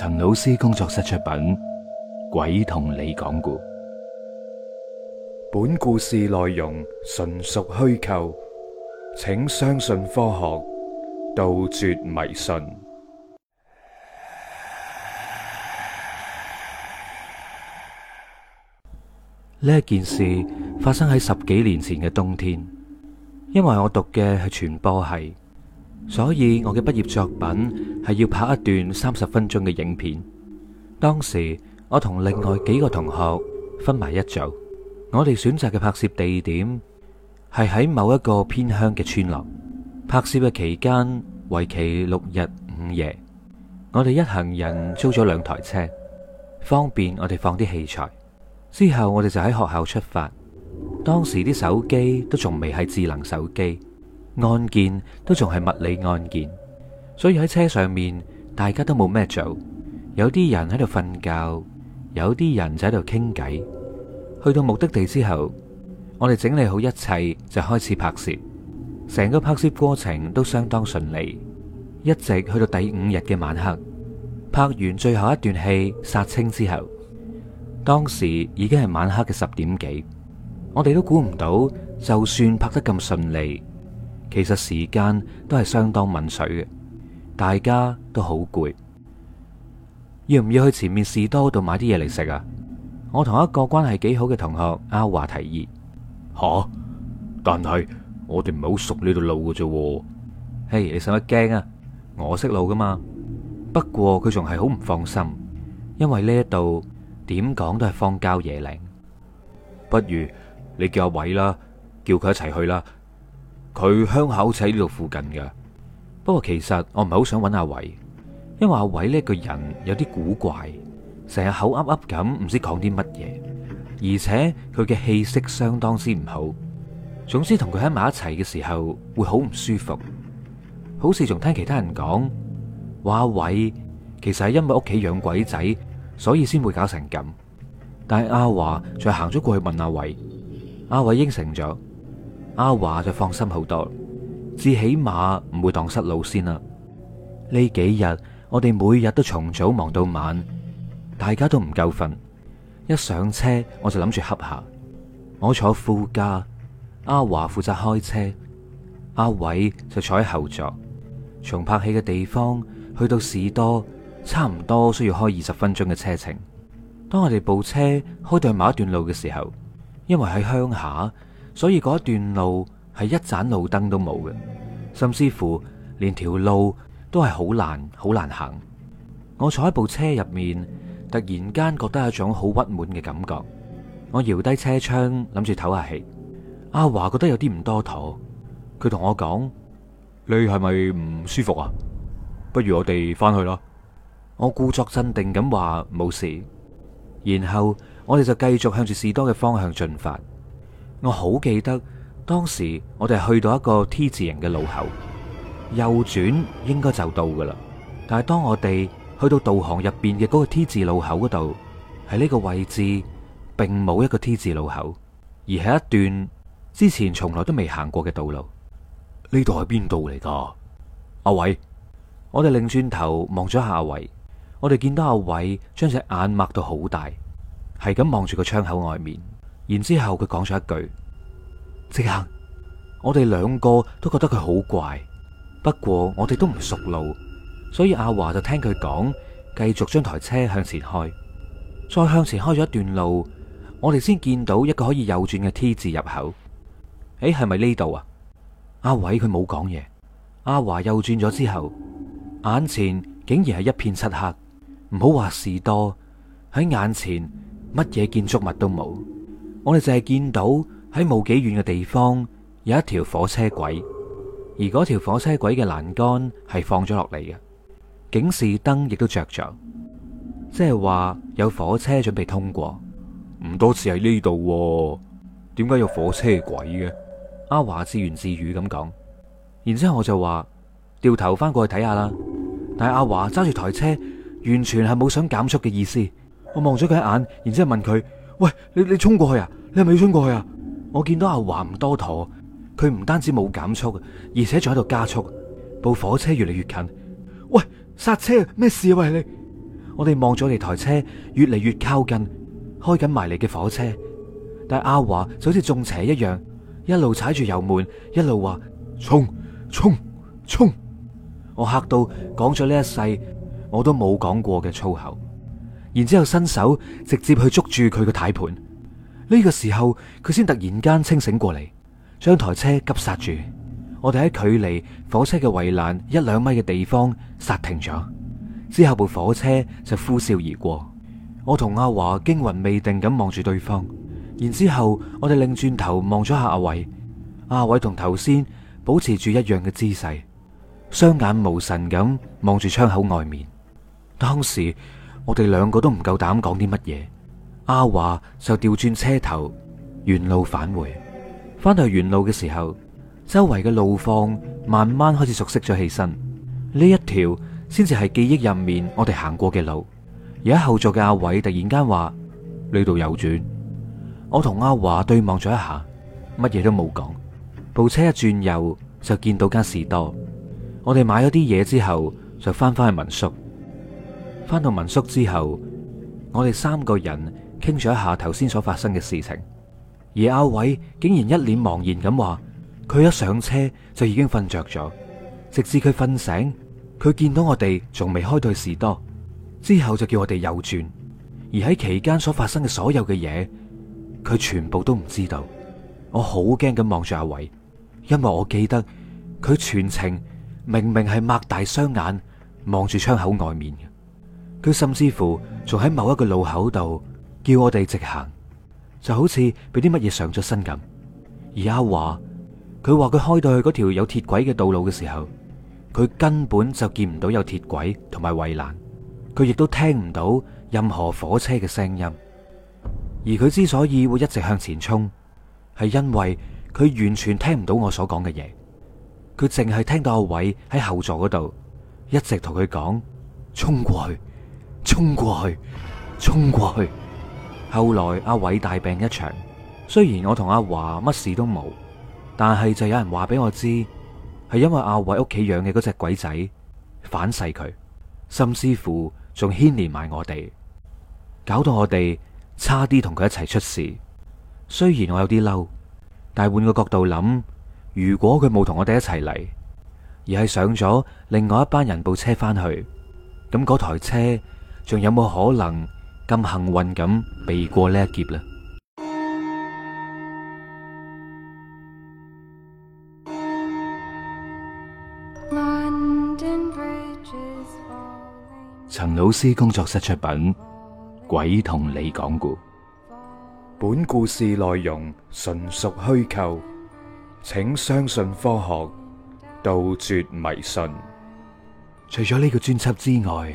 陳老師工作室出品《鬼同你講古》，本故事內容純屬虛構，請相信科學，杜絕迷信。呢件事發生喺十幾年前嘅冬天，因為我讀嘅係傳播系。所以我嘅畢業作品係要拍一段三十分鐘嘅影片。當時我同另外幾個同學分埋一組，我哋選擇嘅拍攝地點係喺某一個偏鄉嘅村落。拍攝嘅期間為期六日五夜。我哋一行人租咗兩台車，方便我哋放啲器材。之後我哋就喺學校出發。當時啲手機都仲未係智能手機。案件都仲係物理案件，所以喺車上面，大家都冇咩做。有啲人喺度瞓覺，有啲人就喺度傾偈。去到目的地之後，我哋整理好一切就開始拍攝。成個拍攝過程都相當順利，一直去到第五日嘅晚黑，拍完最後一段戲殺青之後，當時已經係晚黑嘅十點幾。我哋都估唔到，就算拍得咁順利。其實時間都係相當敏水嘅，大家都好攰，要唔要去前面士多度買啲嘢嚟食啊？我同一個關係幾好嘅同學阿華提議吓，但係我哋唔係好熟呢度路嘅啫。嘿，hey，你使乜驚啊？我識路㗎嘛。不過佢仲係好唔放心，因為呢一度點講都係荒郊野嶺。不如你叫阿偉啦，叫佢一齊去啦。佢鄉口仔呢度附近嘅，不過其實我唔係好想揾阿偉，因為阿偉呢個人有啲古怪，成日口噏噏咁，唔知講啲乜嘢，而且佢嘅氣息相當之唔好。總之同佢喺埋一齊嘅時候會好唔舒服，好似仲聽其他人講，話阿偉其實係因為屋企養鬼仔，所以先會搞成咁。但係阿華再行咗過去問阿偉，阿偉應承咗。阿華就放心好多，至起碼唔會蕩失路先啦。呢幾日我哋每日都從早忙到晚，大家都唔夠瞓。一上車我就諗住瞌下。我坐副駕，阿華負責開車，阿偉就坐喺後座。從拍戲嘅地方去到士多，差唔多需要開二十分鐘嘅車程。當我哋部車開到去某一段路嘅時候，因為喺鄉下。所以嗰一段路係一盞路燈都冇嘅，甚至乎連條路都係好難、好難行。我坐喺部車入面，突然間覺得有一種好鬱悶嘅感覺。我搖低車窗，諗住唞下氣。阿華覺得有啲唔多妥。佢同我講：你係咪唔舒服啊？不如我哋翻去啦。我故作鎮定咁話冇事，然後我哋就繼續向住士多嘅方向進發。我好記得當時我哋去到一個 T 字形嘅路口，右轉應該就到噶啦。但係當我哋去到導航入邊嘅嗰個 T 字路口嗰度，喺呢個位置並冇一個 T 字路口，而係一段之前從來都未行過嘅道路。呢度係邊度嚟噶？阿偉、啊，我哋擰轉，轉頭望咗下阿偉，我哋見到阿偉將隻眼擘到好大，係咁望住個窗口外面。然之後佢講咗一句，即刻我哋兩個都覺得佢好怪。不過我哋都唔熟路，所以阿華就聽佢講，繼續將台車向前開。再向前開咗一段路，我哋先見到一個可以右轉嘅 T 字入口。誒，係咪呢度啊？阿偉佢冇講嘢。阿華右轉咗之後，眼前竟然係一片漆黑，唔好話士多喺眼前，乜嘢建築物都冇。我哋淨係見到喺冇幾遠嘅地方有一條火車軌，而嗰條火車軌嘅欄杆係放咗落嚟嘅，警示燈亦都着着，即係話有火車準備通過。唔多似喺呢度，點解有火車軌嘅？阿華自言自語咁講，然之後我就話掉頭翻過去睇下啦。但係阿華揸住台車，完全係冇想減速嘅意思。我望咗佢一眼，然之後問佢。喂，你你衝過去啊？你係咪要衝過去啊？我見到阿華唔多妥，佢唔單止冇減速，而且仲喺度加速。部火車越嚟越近，喂，剎車！咩事啊？喂，你？我哋望咗你台車越嚟越靠近，開緊埋嚟嘅火車。但係阿華就好似中邪一樣，一路踩住油門，一路話衝衝衝。我嚇到，講咗呢一世我都冇講過嘅粗口。然之後伸手直接去捉住佢個軚盤，呢個時候佢先突然間清醒過嚟，將台車急剎住。我哋喺距離火車嘅圍欄一兩米嘅地方剎停咗，之後部火車就呼嘯而過。我同阿華驚魂未定咁望住對方，然之後我哋擰轉頭望咗下阿偉，阿偉同頭先保持住一樣嘅姿勢，雙眼無神咁望住窗口外面。當時。我哋兩個都唔夠膽講啲乜嘢，阿華就調轉車頭，原路返回。翻去原路嘅時候，周圍嘅路況慢慢開始熟悉咗起身。呢一條先至係記憶入面我哋行過嘅路。而喺後座嘅阿偉突然間話呢度右轉，我同阿華對望咗一下，乜嘢都冇講。部車一轉右就見到間士多，我哋買咗啲嘢之後就翻返去民宿。翻到民宿之後，我哋三個人傾咗一下頭先所發生嘅事情，而阿偉竟然一臉茫然咁話：佢一上車就已經瞓着咗，直至佢瞓醒，佢見到我哋仲未開到士多之後，就叫我哋右轉。而喺期間所發生嘅所有嘅嘢，佢全部都唔知道。我好驚咁望住阿偉，因為我記得佢全程明明係擘大雙眼望住窗口外面嘅。佢甚至乎仲喺某一個路口度叫我哋直行，就好似俾啲乜嘢上咗身咁。而阿華，佢話佢開到去嗰條有鐵軌嘅道路嘅時候，佢根本就見唔到有鐵軌同埋圍欄，佢亦都聽唔到任何火車嘅聲音。而佢之所以會一直向前衝，係因為佢完全聽唔到我所講嘅嘢，佢淨係聽到阿偉喺後座嗰度一直同佢講衝過去。衝過去，衝過去。後來阿偉大病一場，雖然我同阿華乜事都冇，但係就有人話俾我知，係因為阿偉屋企養嘅嗰隻鬼仔反噬佢，甚至乎仲牽連埋我哋，搞到我哋差啲同佢一齊出事。雖然我有啲嬲，但係換個角度諗，如果佢冇同我哋一齊嚟，而係上咗另外一班人部車翻去，咁嗰台車。仲有冇可能咁幸運咁避過呢一劫呢？陳老師工作室出品，《鬼同你講古》。本故事內容純屬虛構，請相信科學，杜絕迷信。除咗呢個專輯之外。